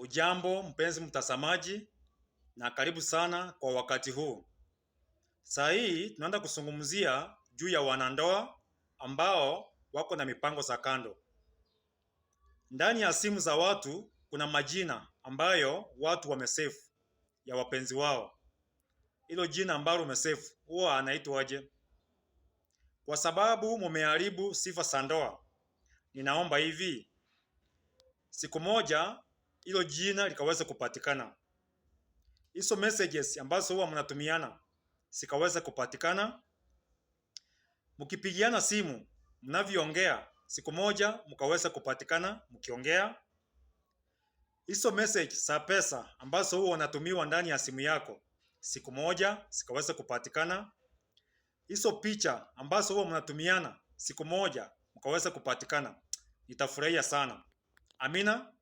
Ujambo mpenzi mtazamaji, na karibu sana kwa wakati huu. Saa hii tunaenda kuzungumzia juu ya wanandoa ambao wako na mipango za kando. Ndani ya simu za watu kuna majina ambayo watu wamesefu ya wapenzi wao. Hilo jina ambalo umesefu huwa anaitwaje? Kwa sababu mumeharibu sifa za ndoa, ninaomba hivi, siku moja hilo jina likaweza kupatikana, hizo messages ambazo huwa mnatumiana sikaweza kupatikana. Mkipigiana simu, mnavyoongea, siku moja mkaweza kupatikana mkiongea. Hizo message za pesa ambazo huwa unatumiwa ndani ya simu yako, siku moja sikaweza kupatikana. Hizo picha ambazo huwa mnatumiana, siku moja mkaweza kupatikana. Nitafurahia sana. Amina.